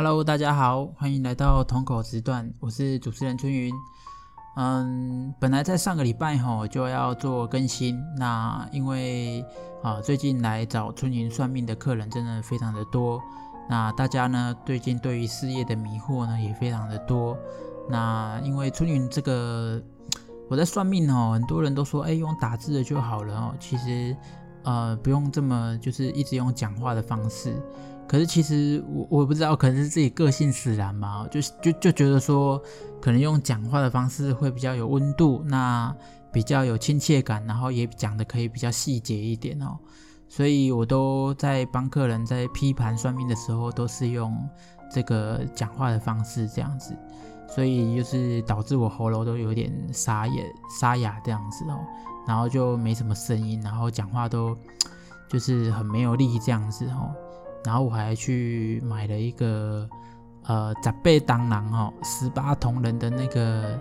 Hello，大家好，歡迎來到同口時段，我是主持人春雲。嗯，本來在上個禮拜我就要做更新，那因為啊、呃、最近來找春雲算命的客人真的非常的多，那大家呢最近對於事業的迷惑呢也非常的多，那因為春雲這個我在算命哦，很多人都說哎用打字的就好了哦，其實呃不用這麼就是一直用講話的方式。可是其實我我不知道，可能是自己個性使然吧。就就就覺得說，可能用講話的方式會比較有溫度，那比較有親切感，然後也講得可以比較細節一點哦。所以我都在幫客人在批盤算命的時候，都是用這個講話的方式這樣子。所以就是導致我喉嚨都有點沙啞沙啞這樣子哦，然後就沒什麼聲音，然後講話都就是很沒有力這樣子哦。然後我還去買了一個呃，雜貝當啷哈，十八銅人、哦、人的那個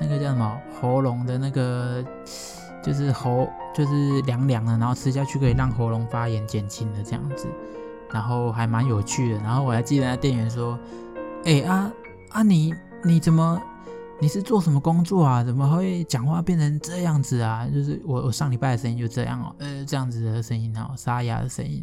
那個叫什麼、哦、喉嚨的那個，就是喉就是涼涼的，然後吃下去可以讓喉嚨發炎減輕的這樣子，然後還蠻有趣的。然後我還記得那店員說：“哎啊啊，啊你你怎麼你是做什麼工作啊？怎麼會講話變成這樣子啊？就是我我上禮拜的聲音就這樣哦，呃這樣子的聲音哦，然後沙啞的聲音。”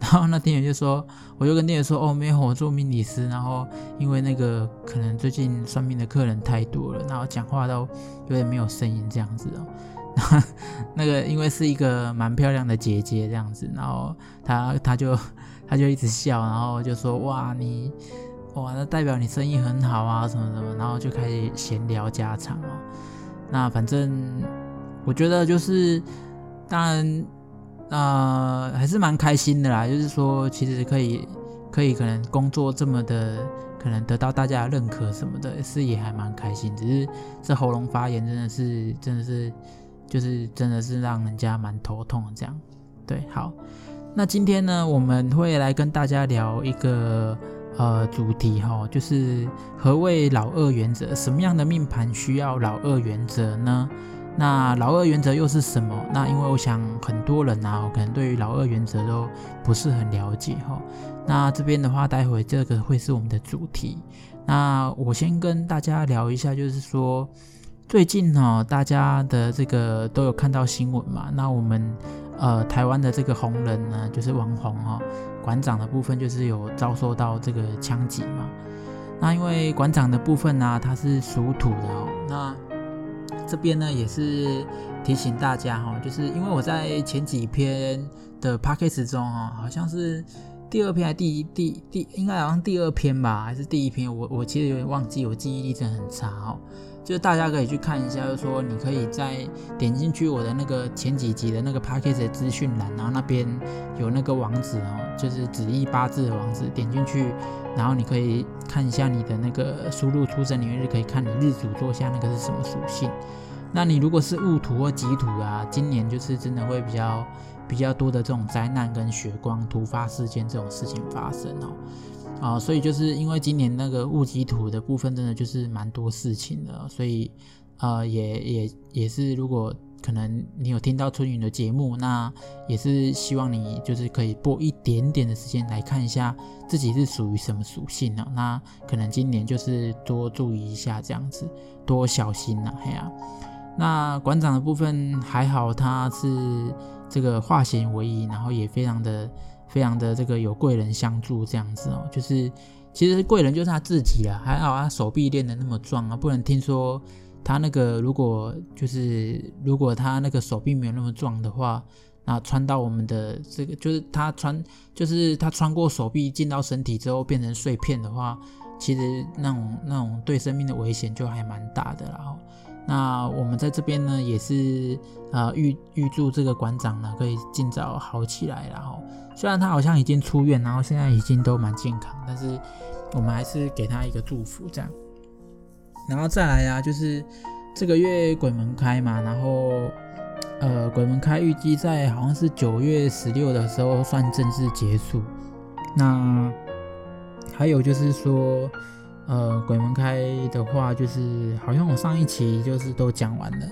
然後那店員就說，我就跟店員說，哦，沒有，我做命理師。然後因為那個可能最近算命的客人太多了，然後講話都有點沒有聲音這樣子哦。然後那個因為是一個蠻漂亮的姐姐這樣子，然後她她就她就一直笑，然後就說，哇，你哇，那代表你生意很好啊，什麼什麼，然後就開始閒聊家常哦。那反正我覺得就是，當然。那、呃、還是蠻開心的啦，就是說，其實可以，可以可能工作這麼的，可能得到大家的認可什麼的，是也還蠻開心。只是這喉嚨發炎，真的是，真的是，就是真的是讓人家蠻頭痛這樣。對，好，那今天呢，我們會來跟大家聊一個呃主題哈、哦，就是何謂老二原則？什麼樣的命盤需要老二原則呢？那老二原則又是什麼？那因為我想很多人啊，我可能對於老二原則都不是很了解哈。那這邊的話，待會兒這個會是我們的主題。那我先跟大家聊一下，就是說最近哦，大家的這個都有看到新聞嘛？那我們呃，台灣的這個紅人呢，就是網紅哦，館長的部分就是有遭受到這個槍擊嘛。那因為館長的部分呢、啊，他是屬土的，那。這邊呢也是提醒大家哈、哦，就是因為我在前幾篇的 package 中哦，好像是第二篇還是第一第一第一第一，應該好像第二篇吧，還是第一篇？我我其實有點忘記，我記憶力真的很差哦。就大家可以去看一下，就是說，你可以在點進去我的那個前幾集的那個 podcast 的資訊欄，然後那邊有那個網址哦，就是紫意八字的網址，點進去，然後你可以看一下你的那個輸入出生年月日，可以看你日主坐下那個是什麼屬性。那你如果是戊土或己土啊，今年就是真的會比較比較多的這種災難跟血光突發事件這種事情發生哦。啊、呃，所以就是因為今年那個戊己土的部分，真的就是蠻多事情的、哦，所以，呃，也也也是，如果可能你有聽到春雨的節目，那也是希望你就是可以撥一點點的時間來看一下自己是屬於什麼屬性呢、哦？那可能今年就是多注意一下這樣子，多小心吶、啊，嘿啊。那館長的部分還好，他是這個化險為夷，然後也非常的。非常的這個有貴人相助這樣子哦，就是其實貴人就是他自己啊，還好他手臂練得那麼壯啊，不然聽說他那個如果，就是如果他那個手臂沒有那麼壯的話，那穿到我們的這個就是他穿，就是他穿過手臂進到身體之後變成碎片的話，其實那種那種對生命的危險就還蠻大的啦哦，然後。那我們在這邊呢，也是呃預預祝這個館長呢，可以儘早好起來，然後雖然他好像已經出院，然後現在已經都蠻健康，但是我們還是給他一個祝福，這樣。然後再來呀、啊，就是這個月鬼門開嘛，然後呃鬼門開預計在好像是九月十六的時候算正式結束。那還有就是說。呃，鬼門開的話，就是好像我上一期就是都講完了，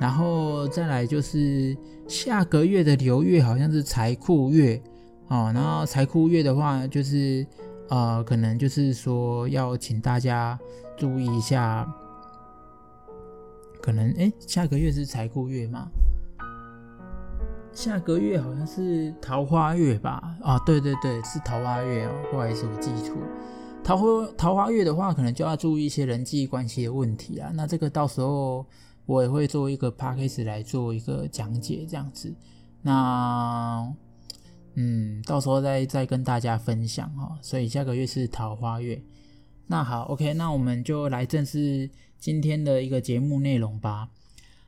然後再來就是下個月的流月好像是財庫月，哦，然後財庫月的話，就是呃，可能就是說要請大家注意一下，可能哎、欸，下個月是財庫月嗎？下個月好像是桃花月吧？啊、哦，對對對，是桃花月哦，不好意思，我記錯。桃花桃花月的話，可能就要注意一些人際關係的問題啦。那這個到時候我也會做一個 podcast 來做一個講解，這樣子。那嗯，到時候再再跟大家分享哦。所以下個月是桃花月。那好，OK，那我們就來正式今天的一個節目內容吧。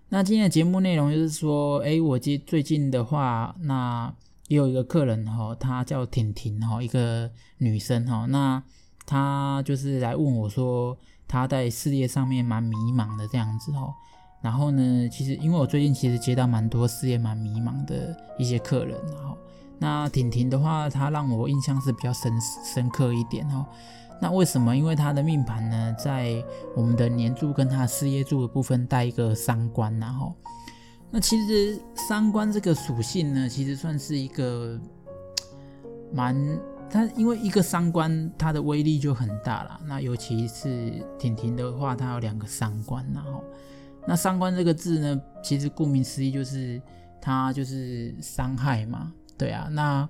那今天的節目內容就是說，哎，我今最近的話，那也有一個客人哈、哦，她叫婷婷哈、哦，一個女生哈、哦，那。他就是來問我說，他在事業上面蠻迷茫的這樣子哦，然後呢，其實因為我最近其實接到蠻多事業蠻迷茫的一些客人，然後那婷婷的話，他讓我印象是比較深深刻一點哦。那為什麼？因為他的命盤呢，在我們的年柱跟他事業柱的部分帶一個傷官，然後那其實傷官這個屬性呢，其實算是一個蠻。它因為一個傷官，它的威力就很大啦。那尤其是婷婷的話，她有兩個傷官。然後那傷官這個字呢，其實顧名思義就是它就是傷害嘛。對啊，那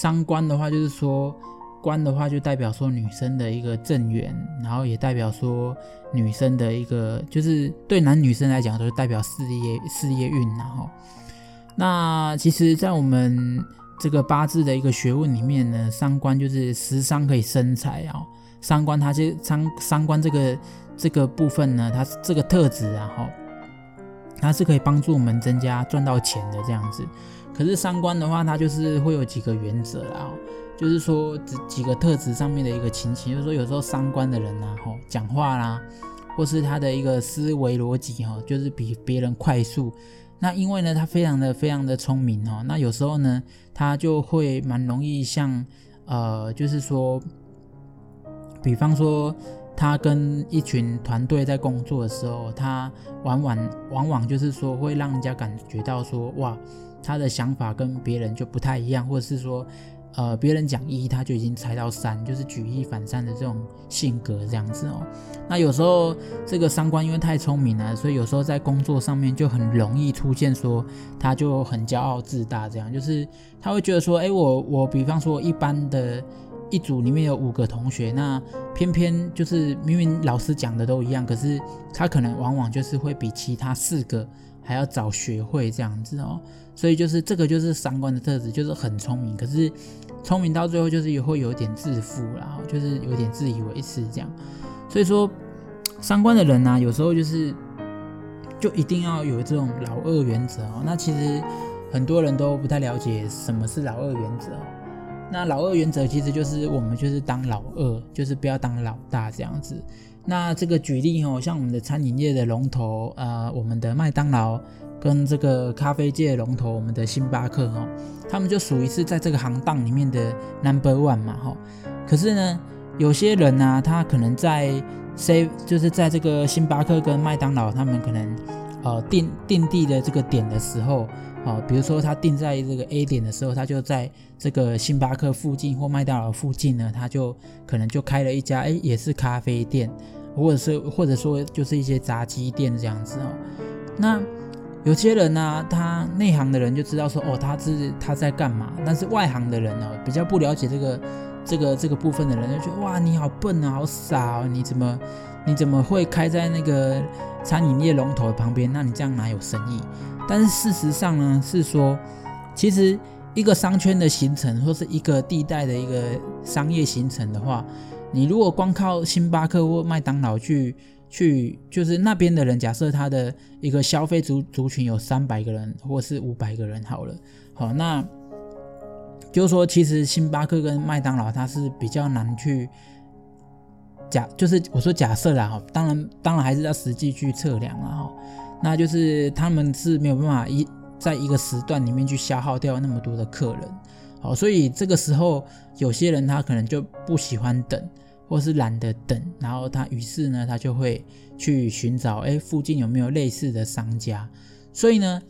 傷官的話就是說官的話就代表說女生的一個正緣，然後也代表說女生的一個就是對男女生來講都是代表事業事業運，然後那其實，在我們。這個八字的一個學問裡面呢，傷官就是食傷可以生財啊、哦。傷官它是傷傷官這個這個部分呢，它這個特質然、啊、後、哦、它是可以幫助我們增加賺到錢的這樣子。可是傷官的話，它就是會有幾個原則啊、哦，就是說幾幾個特質上面的一個情形，就是說有時候傷官的人啊，吼、哦，講話啦，或是他的一個思維邏輯啊、哦，就是比別人快速。那因為呢，他非常的非常的聰明哦。那有時候呢，他就會蠻容易像，呃，就是說，比方說，他跟一群團隊在工作的時候，他往往往往就是說，會讓人家感覺到說，哇，他的想法跟別人就不太一樣，或者是說。呃，別人講一，他就已經猜到三，就是舉一反三的這種性格這樣子哦。那有時候這個傷官因為太聰明了，所以有時候在工作上面就很容易出現說，他就很驕傲自大這樣，就是他會覺得說，哎，我我比方說一般的，一組裡面有五個同學，那偏偏就是明明老師講的都一樣，可是他可能往往就是會比其他四個還要早學會這樣子哦。所以就是這個，就是傷官的特質，就是很聰明，可是聰明到最後就是也會有點自負啦，就是有點自以為是這樣。所以說，傷官的人呢、啊，有時候就是就一定要有這種老二原則哦、喔。那其實很多人都不太了解什麼是老二原則、喔。那老二原則其實就是我們就是當老二，就是不要當老大這樣子。那這個舉例哦、喔，像我們的餐飲業的龍頭，呃，我們的麥當勞。跟這個咖啡界龍頭，我們的星巴克哦，他們就屬於是在這個行當裡面的 number one 嘛哈、哦。可是呢，有些人呢、啊，他可能在 C，就是在這個星巴克跟麥當勞，他們可能呃定定地的這個點的時候，啊、哦，比如說他定在這個 A 點的時候，他就在這個星巴克附近或麥當勞附近呢，他就可能就開了一家哎，也是咖啡店，或者是或者說就是一些炸雞店這樣子哦。那。有些人呢、啊，他內行的人就知道說，哦，他是他在幹嘛？但是外行的人呢、哦，比較不了解這個這個這個部分的人就覺得，就說哇，你好笨啊，好傻啊，你怎麼你怎麼會開在那個餐飲業龍頭旁邊？那你這樣哪有生意？但是事實上呢，是說，其實一個商圈的形成，或是一個地帶的一個商業形成的話，你如果光靠星巴克或麥當勞去。去就是那邊的人，假設他的一個消費族族群有三百個人，或是五百個人好了，好，那就是說，其實星巴克跟麥當勞他是比較難去假，就是我說假設啦，當然當然還是要實際去測量啦，那就是他們是沒有辦法一在一個時段裡面去消耗掉那麼多的客人，好，所以這個時候有些人他可能就不喜歡等。或是懶得等，然後他於是呢，他就會去尋找誒，附近有沒有類似的商家？所以呢，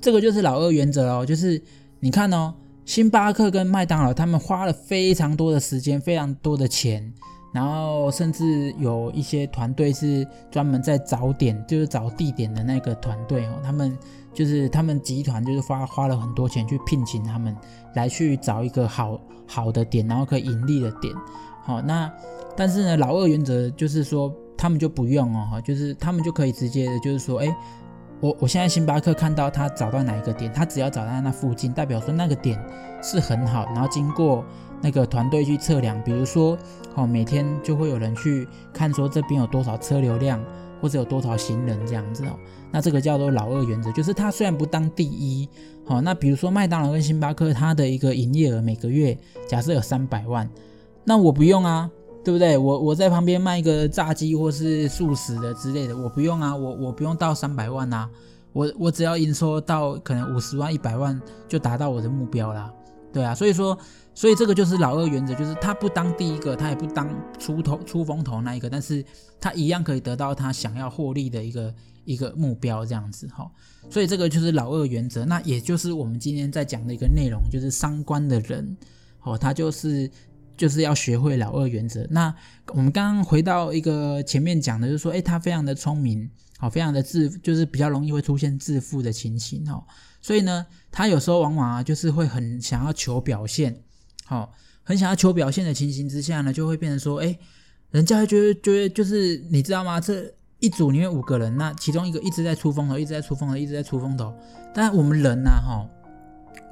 這個就是老二原則哦，就是你看哦，星巴克跟麥當勞，他們花了非常多的時間，非常多的錢，然後甚至有一些團隊是專門在找點，就是找地點的那個團隊哦，他們就是他們集團就是花花了很多錢去聘請他們來去找一個好好的點，然後可以盈利的點，好、哦、那。但是呢，老二原則就是說，他們就不用哦，就是他們就可以直接的，就是說，哎、欸，我我現在星巴克看到他找到哪一個點，他只要找到那附近，代表說那個點是很好，然後經過那個團隊去測量，比如說，哦，每天就會有人去看說這邊有多少車流量，或者有多少行人這樣子哦，那這個叫做老二原則，就是他雖然不當第一，哦，那比如說麥當勞跟星巴克，他的一個營業額每個月假設有三百萬，那我不用啊。對不對？我我在旁邊賣一個炸雞或是素食的之類的，我不用啊，我我不用到三百萬啊，我我只要營收到可能五十萬一百萬就達到我的目標啦。對啊，所以說，所以這個就是老二原則，就是他不當第一個，他也不當出頭出風頭那一個，但是他一樣可以得到他想要獲利的一個一個目標這樣子哈、哦。所以這個就是老二原則，那也就是我們今天在講的一個內容，就是傷官的人，哦，他就是。就是要學會老二原則。那我們剛剛回到一個前面講的，就是說，哎、欸，他非常的聰明，好，非常的自，就是比較容易會出現自負的情形，哦，所以呢，他有時候往往啊，就是會很想要求表現，好、哦，很想要求表現的情形之下呢，就會變成說，哎、欸，人家覺得覺得就是你知道嗎？這一組裡面五個人，那其中一個一直在出風頭，一直在出風頭，一直在出風頭。但我們人啊哈、哦，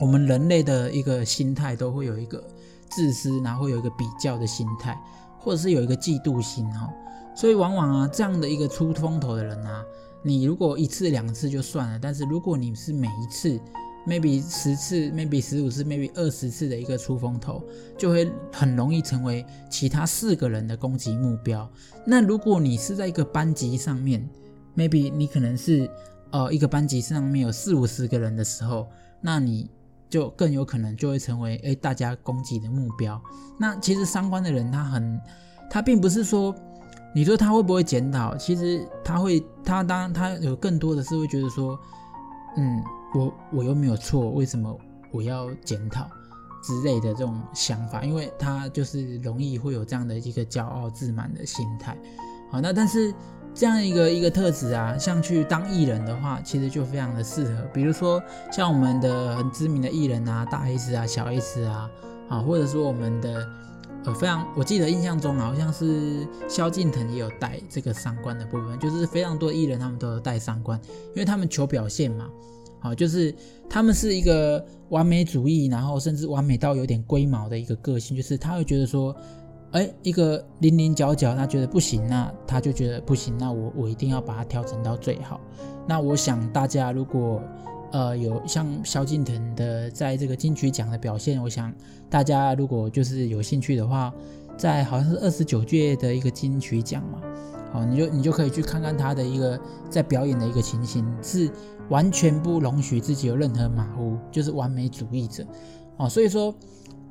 我們人類的一個心態都會有一個。自私，然後有一個比較的心態，或者是有一個嫉妒心哦。所以往往啊，這樣的一個出風頭的人啊，你如果一次兩次就算了，但是如果你是每一次，maybe 十次，maybe 十五次，maybe 二十次的一個出風頭，就會很容易成為其他四個人的攻擊目標。那如果你是在一個班級上面，maybe 你可能是呃一個班級上面有四五十個人的時候，那你。就更有可能就會成為誒，大家攻擊的目標。那其實傷官的人他很，他並不是說你說他會不會檢討，其實他會他當他有更多的是會覺得說，嗯，我我又沒有錯，為什麼我要檢討之類的這種想法，因為他就是容易會有這樣的一個驕傲自滿的心態。好，那但是。這樣一個一個特質啊，像去當藝人的話，其實就非常的適合。比如說像我們的很知名的藝人啊，大 S 啊、小 S 啊，啊，或者說我們的呃非常，我記得印象中好像是蕭敬騰也有帶這個傷官的部分，就是非常多藝人他們都有帶傷官，因為他們求表現嘛，好、啊，就是他們是一個完美主義，然後甚至完美到有點龜毛的一個個性，就是他會覺得說。哎、欸，一個稜稜角角，他覺得不行那、啊、他就覺得不行、啊，那我我一定要把它調整到最好。那我想大家如果呃有像蕭敬騰的在這個金曲獎的表現，我想大家如果就是有興趣的話，在好像是二十九屆的一個金曲獎嘛，好、哦，你就你就可以去看看他的一個在表演的一個情形，是完全不容許自己有任何馬虎，就是完美主義者。哦，所以說。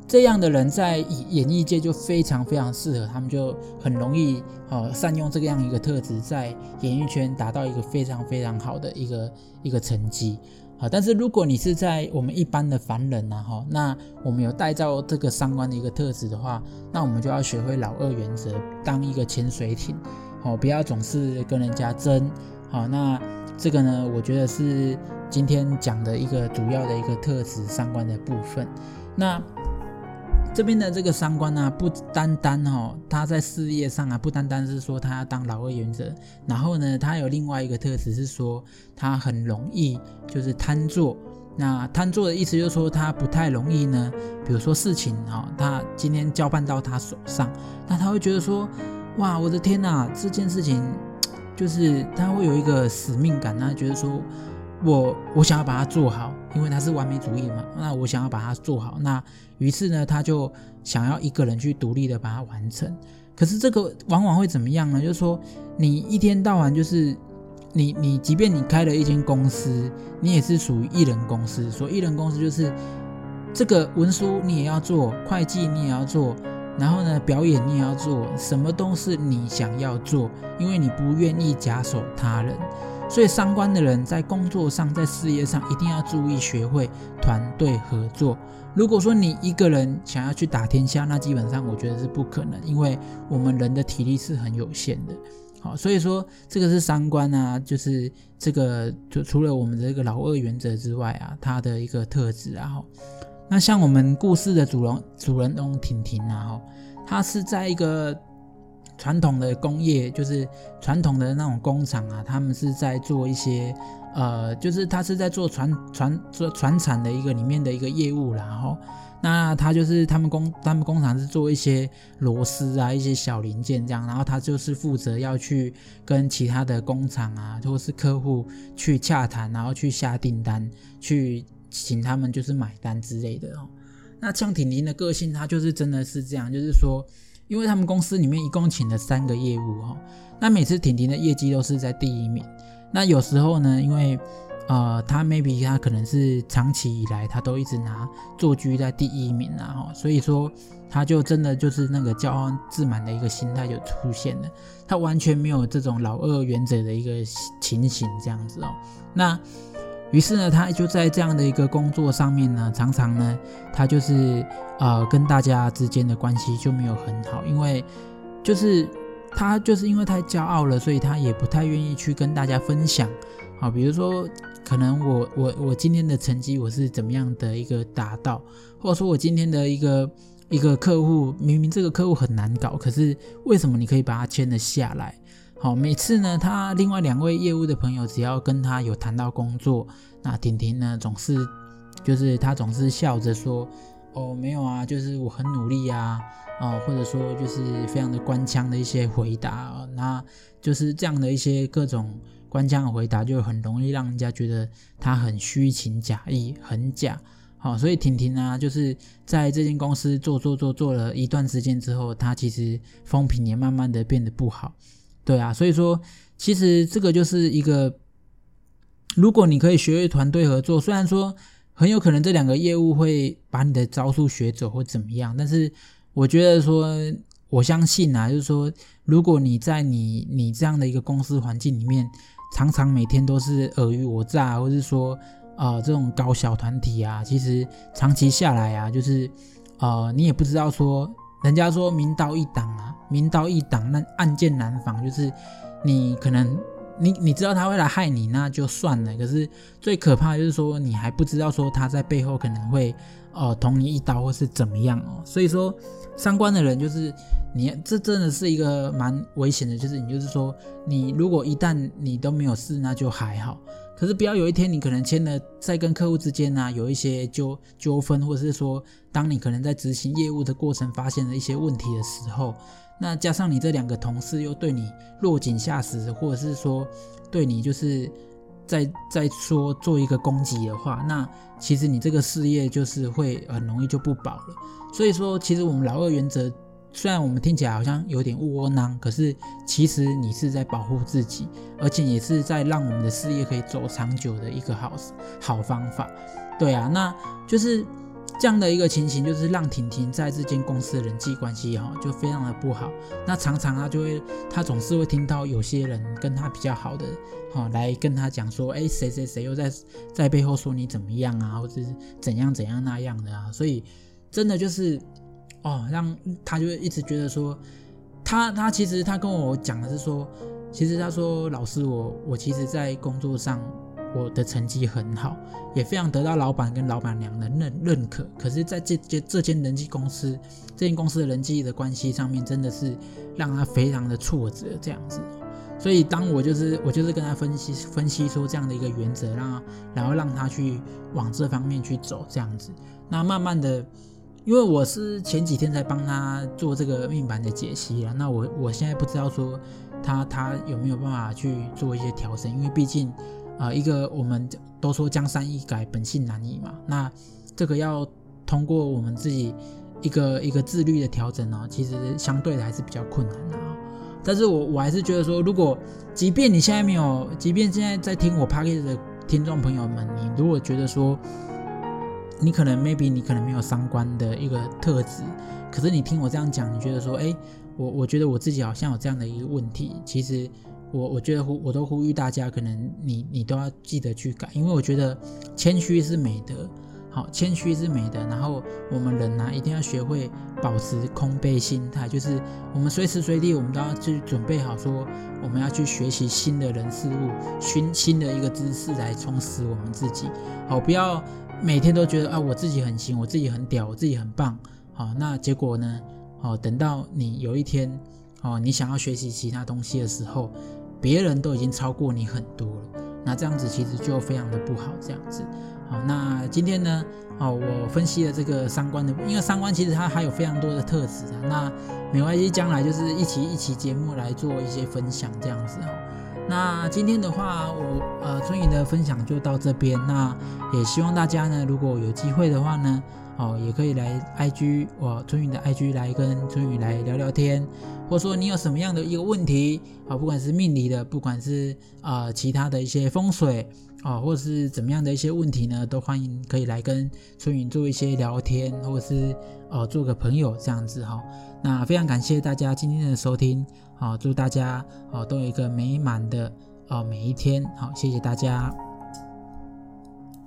這樣的人在演藝界就非常非常適合，他們就很容易好、哦、善用這樣一個特質，在演藝圈達到一個非常非常好的一個一個成績、哦、但是如果你是在我們一般的凡人哈、啊哦，那我們有帶造這個傷官的一個特質的話，那我們就要學會老二原則，當一個潛水艇，好、哦，不要總是跟人家爭好、哦。那這個呢，我覺得是今天講的一個主要的一個特質傷官的部分。那。這邊的這個傷官呢，啊，不單單哦，他在事業上啊，不單單是說他要當老二原則，然後呢，他有另外一個特質是說，他很容易就是貪做。那貪做的意思就是說，他不太容易呢，比如說事情哈，哦，他今天交辦到他手上，那他會覺得說，哇，我的天吶，啊，這件事情就是他會有一個使命感，他覺得說我我想要把它做好。因為他是完美主義嘛，那我想要把它做好，那於是呢，他就想要一個人去獨立的把它完成。可是這個往往會怎麼樣呢？就是說，你一天到晚就是你你，即便你開了一間公司，你也是屬於一人公司。所以一人公司就是這個文書你也要做，會計你也要做，然後呢，表演你也要做，什麼都是你想要做，因為你不願意假手他人。所以傷官的人在工作上、在事業上一定要注意學會團隊合作。如果說你一個人想要去打天下，那基本上我覺得是不可能，因為我們人的體力是很有限的。好，所以說這個是傷官啊，就是這個就除了我們的這個老二原則之外啊，他的一個特質啊。那像我們故事的主人，主人翁婷婷啊，哈，她是在一個。傳統的工業，就是傳統的那種工廠啊，他們是在做一些，呃，就是他是在做傳傳做傳產的一個裡面的一個業務，然後那他就是他們工他們工廠是做一些螺絲啊，一些小零件，這樣，然後他就是負責要去跟其他的工廠啊，或是就是客戶去洽談，然後去下訂單，去請他們就是買單之類的哦。那像婷婷的個性，他就是真的是這樣，就是說。因為他們公司裡面一共請了三個業務哈、哦，那每次婷婷的業績都是在第一名。那有時候呢，因為呃，他 maybe 他可能是長期以來他都一直拿坐居在第一名然後、啊、哈、哦，所以說他就真的就是那個驕傲自滿的一個心態就出現了，他完全沒有這種老二原則的一個情形這樣子哦。那於是呢，他就在這樣的一個工作上面呢，常常呢，他就是呃，跟大家之間的關係就沒有很好，因為就是他就是因為太驕傲了，所以他也不太願意去跟大家分享。好，比如說，可能我我我今天的成績我是怎麼樣的一個達到，或者說，我今天的一個一個客戶，明明這個客戶很難搞，可是為什麼你可以把他簽了下來？好，每次呢，他另外兩位業務的朋友只要跟他有談到工作，那婷婷呢總是就是他總是笑着說：“哦，沒有啊，就是我很努力啊，哦，或者說就是非常的官腔的一些回答，哦，那就是這樣的一些各種官腔的回答，就很容易讓人家覺得他很虛情假意，很假。好，哦，所以婷婷呢，就是在這間公司做做做做了一段時間之後，他其實風評也慢慢的變得不好。對啊，所以說，其實這個就是一個，如果你可以學會團隊合作，雖然說很有可能這兩個業務會把你的招數學走或怎麼樣，但是我覺得說，我相信啊，就是說，如果你在你你這樣的一個公司環境裡面，常常每天都是爾虞我詐，或是說，呃，這種搞小團體啊，其實長期下來啊，就是，呃，你也不知道說，人家說明刀易擋啊。明刀易擋，那暗箭難防。就是你可能你你知道他會來害你，那就算了。可是最可怕的就是說你還不知道說他在背後可能會哦、呃、捅你一刀，或是怎麼樣哦。所以說，傷官的人就是你，這真的是一個蠻危險的。就是你就是說你如果一旦你都沒有事，那就還好。可是不要有一天你可能簽了在跟客戶之間呢、啊、有一些糾糾紛，或者是說當你可能在執行業務的過程發現了一些問題的時候。那加上你這兩個同事又對你落井下石，或者是說對你就是在在說做一個攻擊的話，那其實你這個事業就是會很容易就不保了。所以說，其實我們老二原則雖然我們聽起來好像有點窩窩囊，可是其實你是在保護自己，而且也是在讓我們的事業可以走長久的一個好好方法。對啊，那就是。這樣的一個情形，就是讓婷婷在這間公司的人際關係哈，就非常的不好。那常常她就會，她總是會聽到有些人跟她比較好的哈，來跟她講說，哎，誰誰誰又在在背後說你怎麼樣啊，或者是怎樣怎樣那樣的啊。所以真的就是，哦，讓她就一直覺得說，她她其實她跟我講的是說，其實她說老師我，我我其實在工作上。我的成績很好，也非常得到老闆跟老闆娘的認認可。可是，在這間這，這間人際公司，這間公司的人際的關係上面，真的是讓他非常的挫折這樣子。所以，當我就是我就是跟他分析分析出這樣的一個原則，讓然後讓他去往這方面去走這樣子。那慢慢的，因為我是前幾天才幫他做這個命盤的解析啊，那我我現在不知道說他他有沒有辦法去做一些調整，因為畢竟。啊、呃，一個我們都說江山易改，本性難移嘛。那這個要通過我們自己一個一個自律的調整哦，其實相對的還是比較困難的、哦。但是我我還是覺得說，如果即便你現在沒有，即便現在在聽我 podcast 的聽眾朋友們，你如果覺得說，你可能 maybe 你可能沒有傷官的一個特質，可是你聽我這樣講，你覺得說，哎，我我覺得我自己好像有這樣的一個問題，其實。我我覺得呼我都呼籲大家，可能你你都要記得去改，因為我覺得謙虛是美德，好，謙虛是美德。然後我們人呢、啊，一定要學會保持空杯心態，就是我們隨時隨地我們都要去準備好，說我們要去學習新的人事物，新新的一個知識來充實我們自己，好，不要每天都覺得啊，我自己很行，我自己很屌，我自己很棒，好，那結果呢？哦，等到你有一天哦，你想要學習其他東西的時候。別人都已經超過你很多了，那這樣子其實就非常的不好。這樣子，好，那今天呢，哦，我分析了這個傷官的，因為傷官其實它還有非常多的特質啊。那沒關係，將來就是一期一期節目來做一些分享，這樣子。那今天的話，我呃春雨的分享就到這邊。那也希望大家呢，如果有機會的話呢，哦，也可以來 I G 我、哦、春雨的 I G 來跟春雨來聊聊天。或說你有什麼樣的一個問題啊？不管是命理的，不管是啊、呃、其他的一些風水啊，或是怎麼樣的一些問題呢，都歡迎可以來跟春云做一些聊天，或者是、呃、做個朋友這樣子哈、啊。那非常感謝大家今天的收聽啊，祝大家啊都有一個美滿的啊每一天，好、啊、謝謝大家。